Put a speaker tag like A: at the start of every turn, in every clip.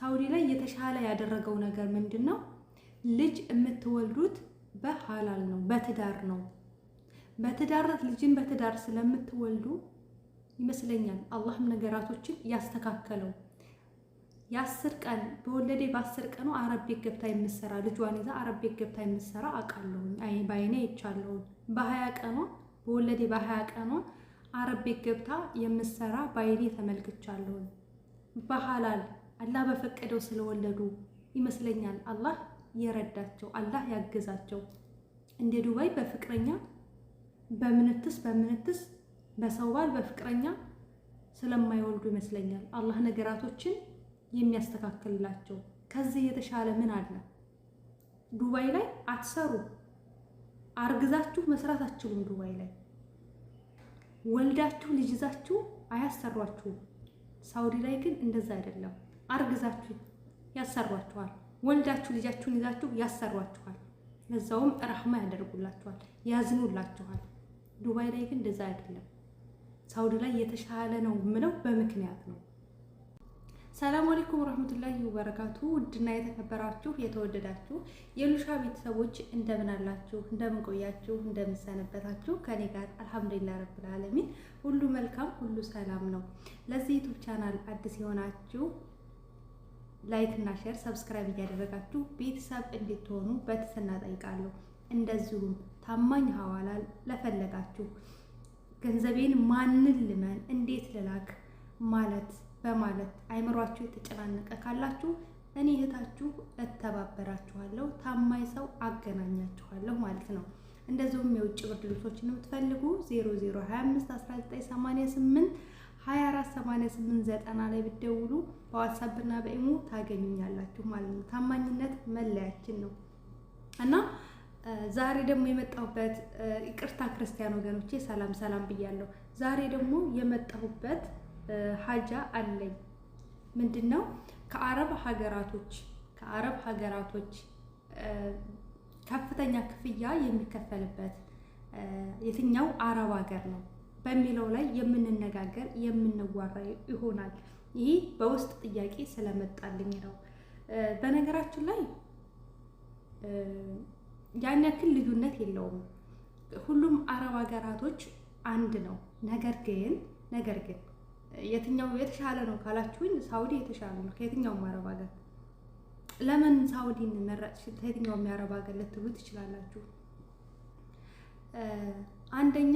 A: ሳውዲ ላይ የተሻለ ያደረገው ነገር ምንድን ነው? ልጅ የምትወልዱት በሀላል ነው፣ በትዳር ነው። በትዳር ልጅን በትዳር ስለምትወልዱ ይመስለኛል አላህም ነገራቶችን ያስተካከለው። የአስር ቀን በወለዴ በአስር ቀኑ አረብ ቤት ገብታ የምሰራ ልጇን ይዛ አረብ ቤት ገብታ የምሰራ አውቃለሁኝ፣ በአይኔ አይቻለሁኝ። በሀያ ቀኗ በወለዴ በሀያ ቀኗ አረብ ቤት ገብታ የምሰራ በአይኔ ተመልክቻለሁኝ በሀላል አላህ በፈቀደው ስለወለዱ ይመስለኛል አላህ የረዳቸው አላህ ያገዛቸው። እንደ ዱባይ በፍቅረኛ በምንትስ በምንትስ በሰው ባል በፍቅረኛ ስለማይወልዱ ይመስለኛል አላህ ነገራቶችን የሚያስተካክልላቸው። ከዚህ የተሻለ ምን አለ? ዱባይ ላይ አትሰሩ፣ አርግዛችሁ መስራት አትችሉም። ዱባይ ላይ ወልዳችሁ ልጅዛችሁ አያሰሯችሁም። ሳውዲ ላይ ግን እንደዛ አይደለም። አርግዛችሁ ያሰሯችኋል። ወልዳችሁ ልጃችሁን ይዛችሁ ያሰሯችኋል። ለዛውም ራህማ ያደርጉላችኋል፣ ያዝኑላችኋል። ዱባይ ላይ ግን እንደዛ አይደለም። ሳውዲ ላይ የተሻለ ነው የምለው በምክንያት ነው። ሰላም አለይኩም ወራህመቱላሂ ወበረካቱ። ውድና የተከበራችሁ የተወደዳችሁ የሉሻ ቤተሰቦች እንደምን አላችሁ? እንደምን ቆያችሁ? እንደምን ሰነበታችሁ? ከኔ ጋር አልሐምዱሊላህ ረብል ዓለሚን ሁሉ መልካም፣ ሁሉ ሰላም ነው። ለዚህ ዩቲዩብ ቻናል አዲስ የሆናችሁ ላይክ እና ሼር ሰብስክራይብ እያደረጋችሁ ቤተሰብ እንድትሆኑ በትህትና ጠይቃለሁ። እንደዚሁም ታማኝ ሐዋላ ለፈለጋችሁ ገንዘቤን ማንን ልመን፣ እንዴት ልላክ ማለት በማለት አይምሯችሁ የተጨናነቀ ካላችሁ እኔ እህታችሁ እተባበራችኋለሁ። ታማኝ ሰው አገናኛችኋለሁ ማለት ነው። እንደዚሁም የውጭ ብርድ ልብሶችን የምትፈልጉ 0025 1988 248890 ላይ ብደውሉ በዋትሳፕ እና በኢሞ ታገኙኛላችሁ ማለት ነው። ታማኝነት መለያችን ነው እና ዛሬ ደግሞ የመጣሁበት ይቅርታ ክርስቲያን ወገኖቼ ሰላም ሰላም ብያለሁ። ዛሬ ደግሞ የመጣሁበት ሀጃ አለኝ ምንድን ነው ከአረብ ሀገራቶች ከአረብ ሀገራቶች ከፍተኛ ክፍያ የሚከፈልበት የትኛው አረብ ሀገር ነው በሚለው ላይ የምንነጋገር የምንዋራ ይሆናል። ይህ በውስጥ ጥያቄ ስለመጣልኝ ነው። በነገራችን ላይ ያን ያክል ልዩነት የለውም። ሁሉም አረብ ሀገራቶች አንድ ነው። ነገር ግን ነገር ግን የትኛው የተሻለ ነው ካላችሁኝ፣ ሳውዲ የተሻለ ነው ከየትኛውም አረብ ሀገር። ለምን ሳውዲን መረጥሽ ከየትኛውም የአረብ ሀገር ልትሉ ትችላላችሁ። አንደኛ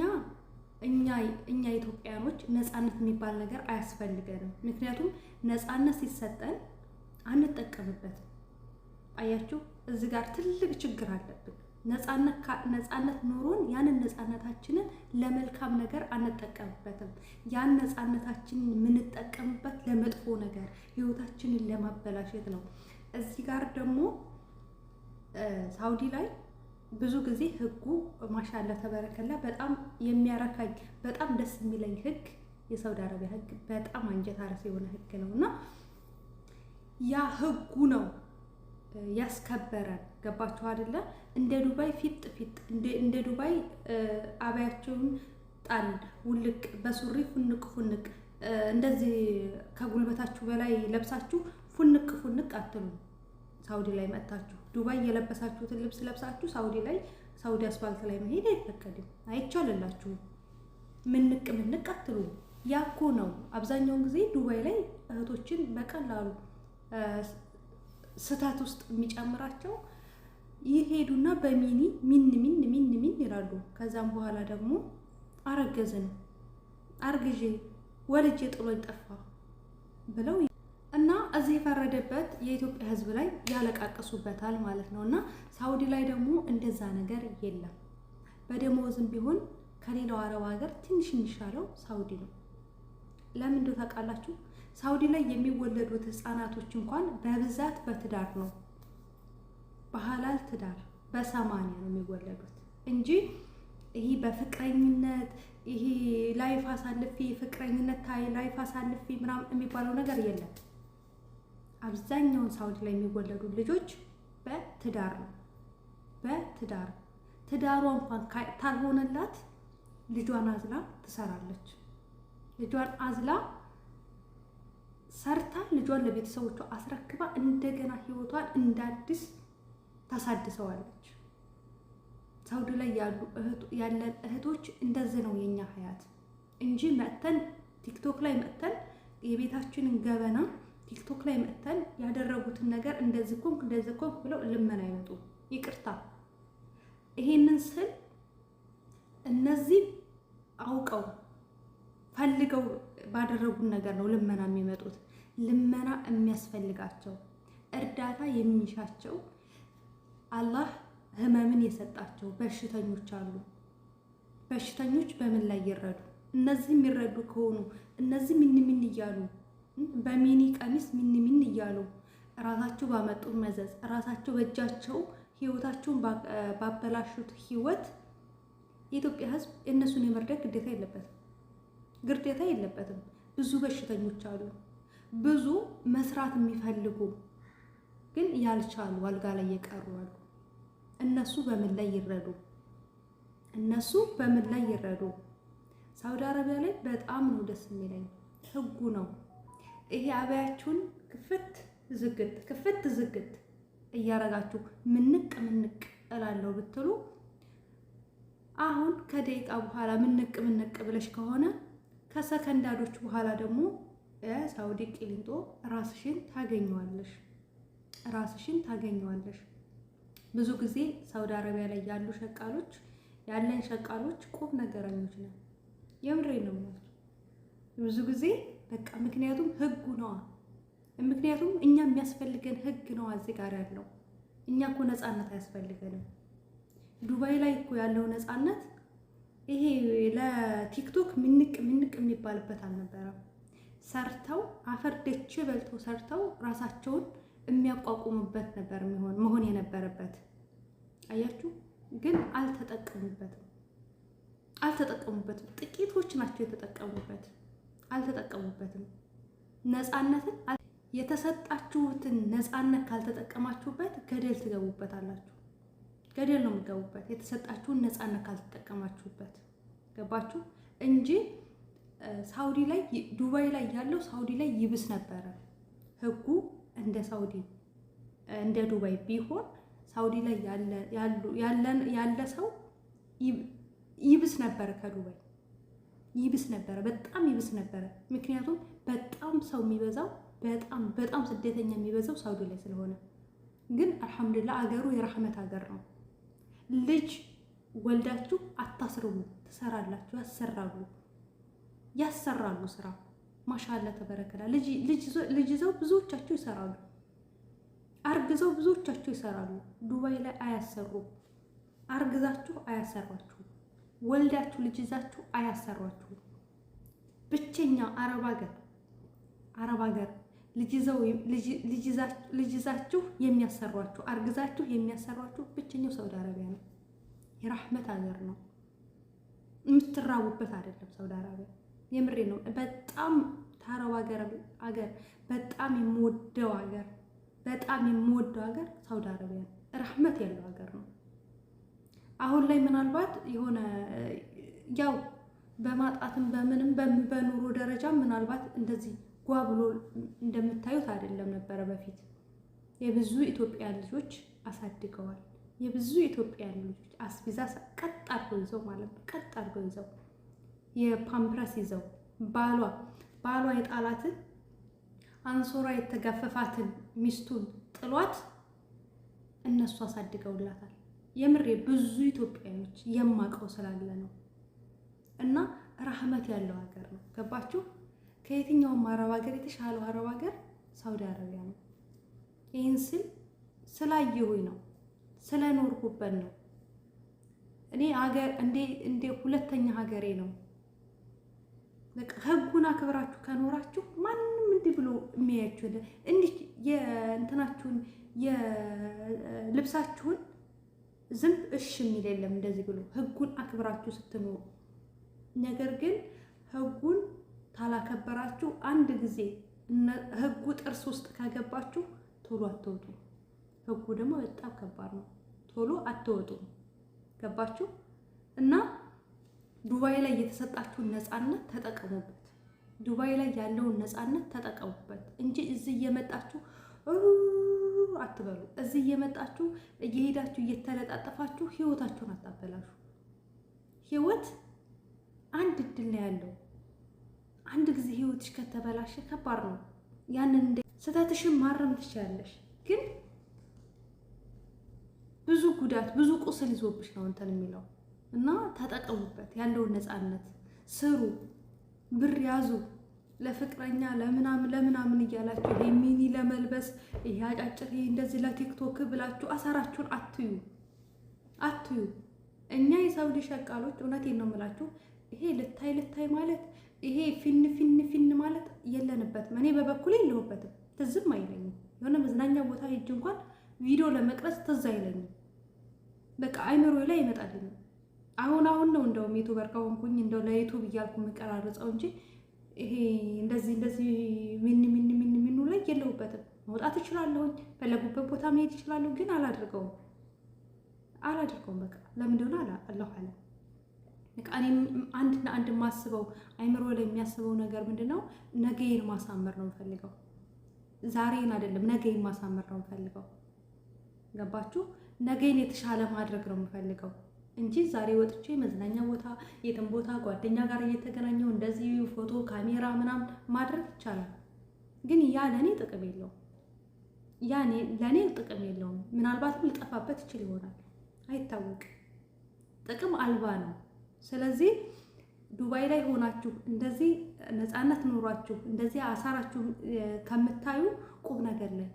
A: እኛ ኢትዮጵያኖች ነፃነት የሚባል ነገር አያስፈልገንም። ምክንያቱም ነፃነት ሲሰጠን አንጠቀምበትም። አያችሁ፣ እዚህ ጋር ትልቅ ችግር አለብን። ነፃነት ኖሮን ያንን ነፃነታችንን ለመልካም ነገር አንጠቀምበትም። ያን ነፃነታችንን የምንጠቀምበት ለመጥፎ ነገር ህይወታችንን ለማበላሸት ነው። እዚህ ጋር ደግሞ ሳውዲ ላይ ብዙ ጊዜ ህጉ ማሻላ ተበረከላ በጣም የሚያረካኝ በጣም ደስ የሚለኝ ህግ የሳውዲ አረቢያ ህግ በጣም አንጀት አረስ የሆነ ህግ ነው እና ያ ህጉ ነው ያስከበረን። ገባችሁ አይደለ? እንደ ዱባይ ፊጥ ፊጥ እንደ ዱባይ አባያቸውን ጣል ውልቅ በሱሪ ፉንቅ ፉንቅ እንደዚህ ከጉልበታችሁ በላይ ለብሳችሁ ፉንቅ ፉንቅ አትሉ። ሳውዲ ላይ መጥታችሁ ዱባይ የለበሳችሁትን ልብስ ለብሳችሁ ሳውዲ ላይ ሳውዲ አስፋልት ላይ መሄድ አይፈቀድም፣ አይቻልላችሁም። ምንቅ ምንቅ አትሉ። ያኮ ነው አብዛኛውን ጊዜ ዱባይ ላይ እህቶችን በቀላሉ ስህተት ውስጥ የሚጨምራቸው ይሄዱና በሚኒ ሚን ሚን ሚን ሚን ይላሉ። ከዛም በኋላ ደግሞ አረገዝን አርግዤ ወልጄ ጥሎኝ ጠፋ ብለው እዚህ የፈረደበት የኢትዮጵያ ሕዝብ ላይ ያለቃቅሱበታል ማለት ነው። እና ሳውዲ ላይ ደግሞ እንደዛ ነገር የለም። በደሞዝም ቢሆን ከሌላው አረብ ሀገር ትንሽ የሚሻለው ሳውዲ ነው። ለምን እንደው ታውቃላችሁ? ሳውዲ ላይ የሚወለዱት ህፃናቶች እንኳን በብዛት በትዳር ነው፣ በሀላል ትዳር በሰማንያ ነው የሚወለዱት እንጂ ይሄ በፍቅረኝነት ይሄ ላይፍ አሳልፌ ፍቅረኝነት ታይ ላይፍ አሳልፌ ምናምን የሚባለው ነገር የለም። አብዛኛውን ሳውዲ ላይ የሚወለዱ ልጆች በትዳር ነው። በትዳር ትዳሯ እንኳን ካልሆነላት ልጇን አዝላ ትሰራለች። ልጇን አዝላ ሰርታ ልጇን ለቤተሰቦቿ አስረክባ እንደገና ህይወቷን እንዳዲስ አዲስ ታሳድሰዋለች። ሳውዲ ላይ ያሉ ያለን እህቶች እንደዚህ ነው የኛ ሀያት እንጂ መጥተን ቲክቶክ ላይ መጥተን የቤታችንን ገበና ቲክቶክ ላይ መጥተን ያደረጉትን ነገር እንደዚህ ኮንክ እንደዚህ ኮንክ ብለው ልመና አይመጡ። ይቅርታ ይሄንን ስል እነዚህ አውቀው ፈልገው ባደረጉን ነገር ነው ልመና የሚመጡት። ልመና የሚያስፈልጋቸው እርዳታ የሚሻቸው አላህ ህመምን የሰጣቸው በሽተኞች አሉ። በሽተኞች በምን ላይ ይረዱ? እነዚህ የሚረዱ ከሆኑ እነዚህ ምን ምን እያሉ በሚኒ ቀሚስ ሚን ሚን እያሉ ራሳቸው ባመጡት መዘዝ ራሳቸው በእጃቸው ህይወታቸውን ባበላሹት ህይወት የኢትዮጵያ ህዝብ እነሱን የመርዳት ግዴታ የለበትም፣ ግዴታ የለበትም። ብዙ በሽተኞች አሉ፣ ብዙ መስራት የሚፈልጉ ግን ያልቻሉ አልጋ ላይ የቀሩ አሉ። እነሱ በምን ላይ ይረዱ? እነሱ በምን ላይ ይረዱ? ሳውዲ አረቢያ ላይ በጣም ነው ደስ የሚለኝ ህጉ ነው። ይሄ አብያችሁን ክፍት ዝግት ክፍት ዝግት እያረጋችሁ ምንቅ ምንቅ እላለሁ ብትሉ አሁን ከደቂቃ በኋላ ምንቅ ምንቅ ብለሽ ከሆነ ከሰከንዳዶች በኋላ ደግሞ ሳውዲ ቂሊንጦ ራስሽን ታገኘዋለሽ፣ ራስሽን ታገኘዋለሽ። ብዙ ጊዜ ሳውዲ አረቢያ ላይ ያሉ ሸቃሎች ያለን ሸቃሎች ቁም ነገረኞች ነው። የምሬ ነው። ብዙ ጊዜ በቃ ምክንያቱም ህጉ ነዋ። ምክንያቱም እኛ የሚያስፈልገን ህግ ነዋ። እዚህ ጋር ያለው እኛ እኮ ነፃነት አያስፈልገንም። ዱባይ ላይ እኮ ያለው ነፃነት ይሄ ለቲክቶክ ምንቅ ምንቅ የሚባልበት አልነበረም። ሰርተው አፈር ደቼ በልተው ሰርተው ራሳቸውን የሚያቋቁሙበት ነበር የሚሆን መሆን የነበረበት አያችሁ። ግን አልተጠቀሙበትም አልተጠቀሙበትም። ጥቂቶች ናቸው የተጠቀሙበት። አልተጠቀሙበትም። ነፃነትን የተሰጣችሁትን ነፃነት ካልተጠቀማችሁበት ገደል ትገቡበታላችሁ። ገደል ነው የምትገቡበት የተሰጣችሁን ነፃነት ካልተጠቀማችሁበት። ገባችሁ እንጂ ሳውዲ ላይ ዱባይ ላይ ያለው ሳውዲ ላይ ይብስ ነበረ ህጉ እንደ ሳውዲ እንደ ዱባይ ቢሆን ሳውዲ ላይ ያለ ሰው ይብስ ነበረ ከዱባይ ይብስ ነበረ፣ በጣም ይብስ ነበረ። ምክንያቱም በጣም ሰው የሚበዛው በጣም በጣም ስደተኛ የሚበዛው ሳውዲ ላይ ስለሆነ፣ ግን አልሐምዱላ አገሩ የረህመት ሀገር ነው። ልጅ ወልዳችሁ አታስርቡ፣ ትሰራላችሁ፣ ያሰራሉ ያሰራሉ ስራ ማሻላ ተበረከላ። ልጅ ይዘው ብዙዎቻችሁ ይሰራሉ። አርግዘው ብዙዎቻችሁ ይሰራሉ። ዱባይ ላይ አያሰሩም። አርግዛችሁ አያሰሯችሁ ወልዳችሁ ልጅ ይዛችሁ አያሰሯችሁም። ብቸኛ አረብ ሀገር አረብ ሀገር ልጅ ይዛችሁ የሚያሰሯችሁ አርግዛችሁ የሚያሰሯችሁ ብቸኛው ሳውዲ አረቢያ ነው። የራህመት ሀገር ነው። የምትራቡበት አይደለም ሳውዲ አረቢያ። የምሬ ነው። በጣም ታረብ ሀገር ሀገር በጣም የምወደው ሀገር በጣም የምወደው ሀገር ሳውዲ አረቢያ ነው። ራህመት ያለው ሀገር ነው። አሁን ላይ ምናልባት የሆነ ያው በማጣትም በምንም በኑሮ ደረጃ ምናልባት እንደዚህ ጓ ብሎ እንደምታዩት አይደለም ነበረ በፊት። የብዙ ኢትዮጵያ ልጆች አሳድገዋል። የብዙ ኢትዮጵያ ልጆች አስቢዛ ቀጥ አድርገው ይዘው ማለት ነው፣ ቀጥ አድርገው ይዘው የፓምፕረስ ይዘው ባሏ ባሏ የጣላትን አንሶራ የተጋፈፋትን ሚስቱን ጥሏት እነሱ አሳድገውላታል። የምሬ ብዙ ኢትዮጵያኖች የማውቀው ስላለ ነው። እና ራህመት ያለው ሀገር ነው። ገባችሁ? ከየትኛውም አረብ ሀገር የተሻለው አረብ ሀገር ሳውዲ አረቢያ ነው። ይህን ስል ስላየሁኝ ነው፣ ስለኖርኩበት ነው። እኔ ሀገር እንዴ ሁለተኛ ሀገሬ ነው። ህጉን አክብራችሁ ከኖራችሁ ማንም እንዲህ ብሎ የሚያያችሁ እንዲህ የእንትናችሁን የልብሳችሁን ዝም እሽ የሚል የለም እንደዚህ ብሎ ህጉን አክብራችሁ ስትኖሩ። ነገር ግን ህጉን ታላከበራችሁ አንድ ጊዜ ህጉ ጥርስ ውስጥ ከገባችሁ ቶሎ አትወጡ። ህጉ ደግሞ በጣም ከባድ ነው። ቶሎ አትወጡ። ገባችሁ? እና ዱባይ ላይ የተሰጣችሁን ነፃነት ተጠቀሙበት። ዱባይ ላይ ያለውን ነፃነት ተጠቀሙበት እንጂ እዚህ እየመጣችሁ አትበሉ። እዚህ እየመጣችሁ እየሄዳችሁ እየተለጣጠፋችሁ ህይወታችሁን አታበላሹ። ህይወት አንድ እድል ነው ያለው። አንድ ጊዜ ህይወትሽ ከተበላሸ ከባድ ነው። ያንን እንደ ስህተትሽን ማረም ትችላለሽ፣ ግን ብዙ ጉዳት ብዙ ቁስል ይዞብሽ ነው እንትን የሚለው እና ተጠቀሙበት። ያለውን ነፃነት ስሩ፣ ብር ያዙ። ለፍቅረኛ ለምናምን ለምናምን እያላችሁ ይሄ ሚኒ ለመልበስ ይሄ አጫጭር ይሄ እንደዚህ ለቲክቶክ ብላችሁ አሳራችሁን አትዩ አትዩ። እኛ የሰው ልጅ ሸቃሎች፣ እውነቴን ነው የምላችሁ። ይሄ ልታይ ልታይ ማለት ይሄ ፊን ፊን ፊን ማለት የለንበትም። እኔ በበኩል የለሁበትም፣ ትዝም አይለኝም። የሆነ መዝናኛ ቦታ ሄጅ እንኳን ቪዲዮ ለመቅረጽ ትዝ አይለኝም። በቃ አይምሮ ላይ ይመጣልኝ። አሁን አሁን ነው እንደውም ዩቱበር ከሆንኩኝ እንደው ለዩቱብ እያልኩ የምቀራርጸው እንጂ ይሄ እንደዚህ እንደዚህ ምን ምን ምን ምኑ ላይ የለሁበትም። መውጣት እችላለሁኝ፣ ፈለጉበት ቦታ መሄድ እችላለሁ። ግን አላደርገውም አላደርገውም በቃ ለምን እንደሆነ አላሁ አለ። በቃ እኔም አንድና አንድ የማስበው አይምሮ ላይ የሚያስበው ነገር ምንድን ነው? ነገዬን ማሳመር ነው የምፈልገው። ዛሬን አይደለም ነገዬን ማሳመር ነው የምፈልገው። ገባችሁ? ነገዬን የተሻለ ማድረግ ነው የምፈልገው። እንጂ ዛሬ ወጥቼ መዝናኛ ቦታ የትም ቦታ ጓደኛ ጋር እየተገናኘው እንደዚህ ፎቶ ካሜራ ምናምን ማድረግ ይቻላል። ግን ያ ለእኔ ጥቅም የለውም። ያ ለእኔ ጥቅም የለውም። ምናልባትም ልጠፋበት ይችል ይሆናል፣ አይታወቅም። ጥቅም አልባ ነው። ስለዚህ ዱባይ ላይ ሆናችሁ እንደዚህ ነፃነት ኑሯችሁ እንደዚህ አሳራችሁ ከምታዩ ቁም ነገር ላይ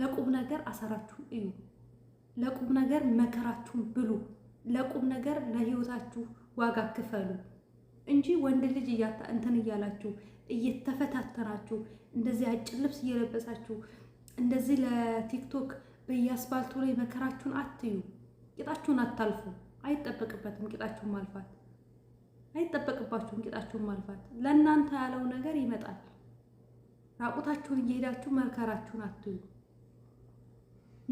A: ለቁም ነገር አሳራችሁ እዩ። ለቁም ነገር መከራችሁን ብሉ። ለቁም ነገር ለህይወታችሁ ዋጋ ክፈሉ እንጂ ወንድ ልጅ እያታ እንትን እያላችሁ እየተፈታተናችሁ እንደዚህ አጭር ልብስ እየለበሳችሁ እንደዚህ ለቲክቶክ በየአስፋልቱ ላይ መከራችሁን አትዩ። ቂጣችሁን አታልፉ። አይጠበቅበትም ቂጣችሁን ማልፋት አይጠበቅባችሁም ቂጣችሁን ማልፋት። ለእናንተ ያለው ነገር ይመጣል። ራቁታችሁን እየሄዳችሁ መከራችሁን አትዩ።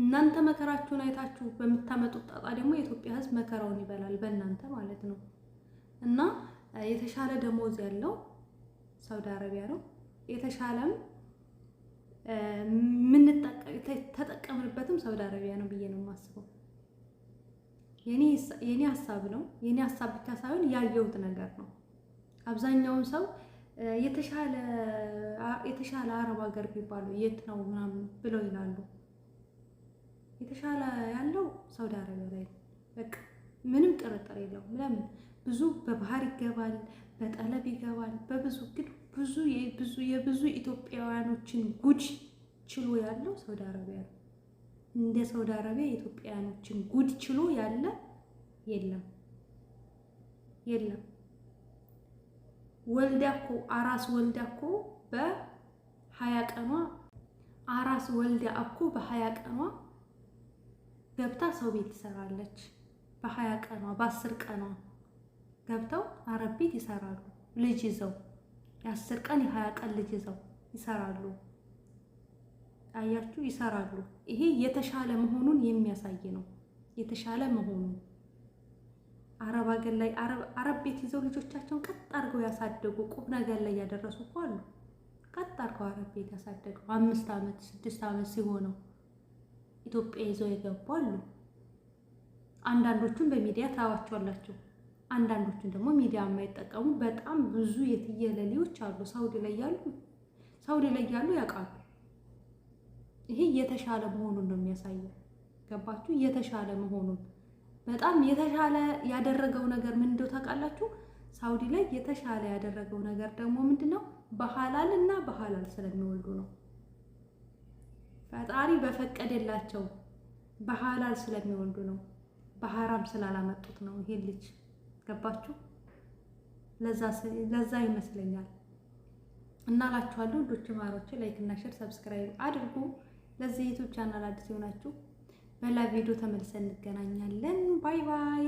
A: እናንተ መከራችሁን አይታችሁ በምታመጡት ጣጣ ደግሞ የኢትዮጵያ ሕዝብ መከራውን ይበላል በእናንተ ማለት ነው። እና የተሻለ ደሞዝ ያለው ሳውዲ አረቢያ ነው። የተሻለም ተጠቀምንበትም ሳውዲ አረቢያ ነው ብዬ ነው የማስበው። የኔ ሀሳብ ነው። የኔ ሀሳብ ብቻ ሳይሆን ያየሁት ነገር ነው። አብዛኛውን ሰው የተሻለ አረብ ሀገር ቢባሉ የት ነው ምናምን ብለው ይላሉ። የተሻለ ያለው ሳውዲ አረቢያ ላይ ነው። በቃ ምንም ጥርጥር የለውም። ለምን ብዙ በባህር ይገባል፣ በጠለብ ይገባል፣ በብዙ ግን ብዙ የብዙ የብዙ ኢትዮጵያውያኖችን ጉድ ችሎ ያለው ሳውዲ አረቢያ ነው። እንደ ሳውዲ አረቢያ የኢትዮጵያውያኖችን ጉድ ችሎ ያለ የለም የለም። ወልዳኮ አራስ ወልዳኮ በሀያ ቀኗ አራስ ወልዳ እኮ በሀያ ቀኗ ገብታ ሰው ቤት ትሰራለች። በሀያ ቀኗ በአስር ቀኗ ገብተው አረብ ቤት ይሰራሉ። ልጅ ይዘው የአስር ቀን የሀያ ቀን ልጅ ይዘው ይሰራሉ። አያችሁ ይሰራሉ። ይሄ የተሻለ መሆኑን የሚያሳይ ነው። የተሻለ መሆኑን አረብ አገር ላይ አረብ ቤት ይዘው ልጆቻቸውን ቀጥ አድርገው ያሳደጉ ቁም ነገር ላይ ያደረሱ እኮ አሉ። ቀጥ አድርገው አረብ ቤት ያሳደገው አምስት ዓመት ስድስት ዓመት ሲሆነው ኢትዮጵያ ይዘው የገቡ አሉ። አንዳንዶቹን በሚዲያ ታዋቸዋላቸው፣ አንዳንዶቹን ደግሞ ሚዲያ የማይጠቀሙ በጣም ብዙ የትየለሌዎች አሉ። ሳውዲ ላይ ያሉ ሳውዲ ላይ ያሉ ያውቃሉ። ይሄ የተሻለ መሆኑን ነው የሚያሳየው። ገባችሁ? የተሻለ መሆኑን በጣም የተሻለ ያደረገው ነገር ምን እንደው ታውቃላችሁ? ሳውዲ ላይ የተሻለ ያደረገው ነገር ደግሞ ምንድን ነው? በሐላል እና በሐላል ስለሚወልዱ ነው። ፈጣሪ በፈቀደላቸው በሀላል ስለሚወልዱ ነው፣ በሐራም ስላላመጡት ነው። ይሄ ልጅ ገባችሁ? ለዛ ይመስለኛል። እና ላችኋለሁ ወንዶች ማሮች፣ ላይክ እና ሼር ሰብስክራይብ አድርጉ። ለዚህ ዩቲዩብ ቻናል አዲስ የሆናችሁ በላ ቪዲዮ ተመልሰን እንገናኛለን። ባይ ባይ።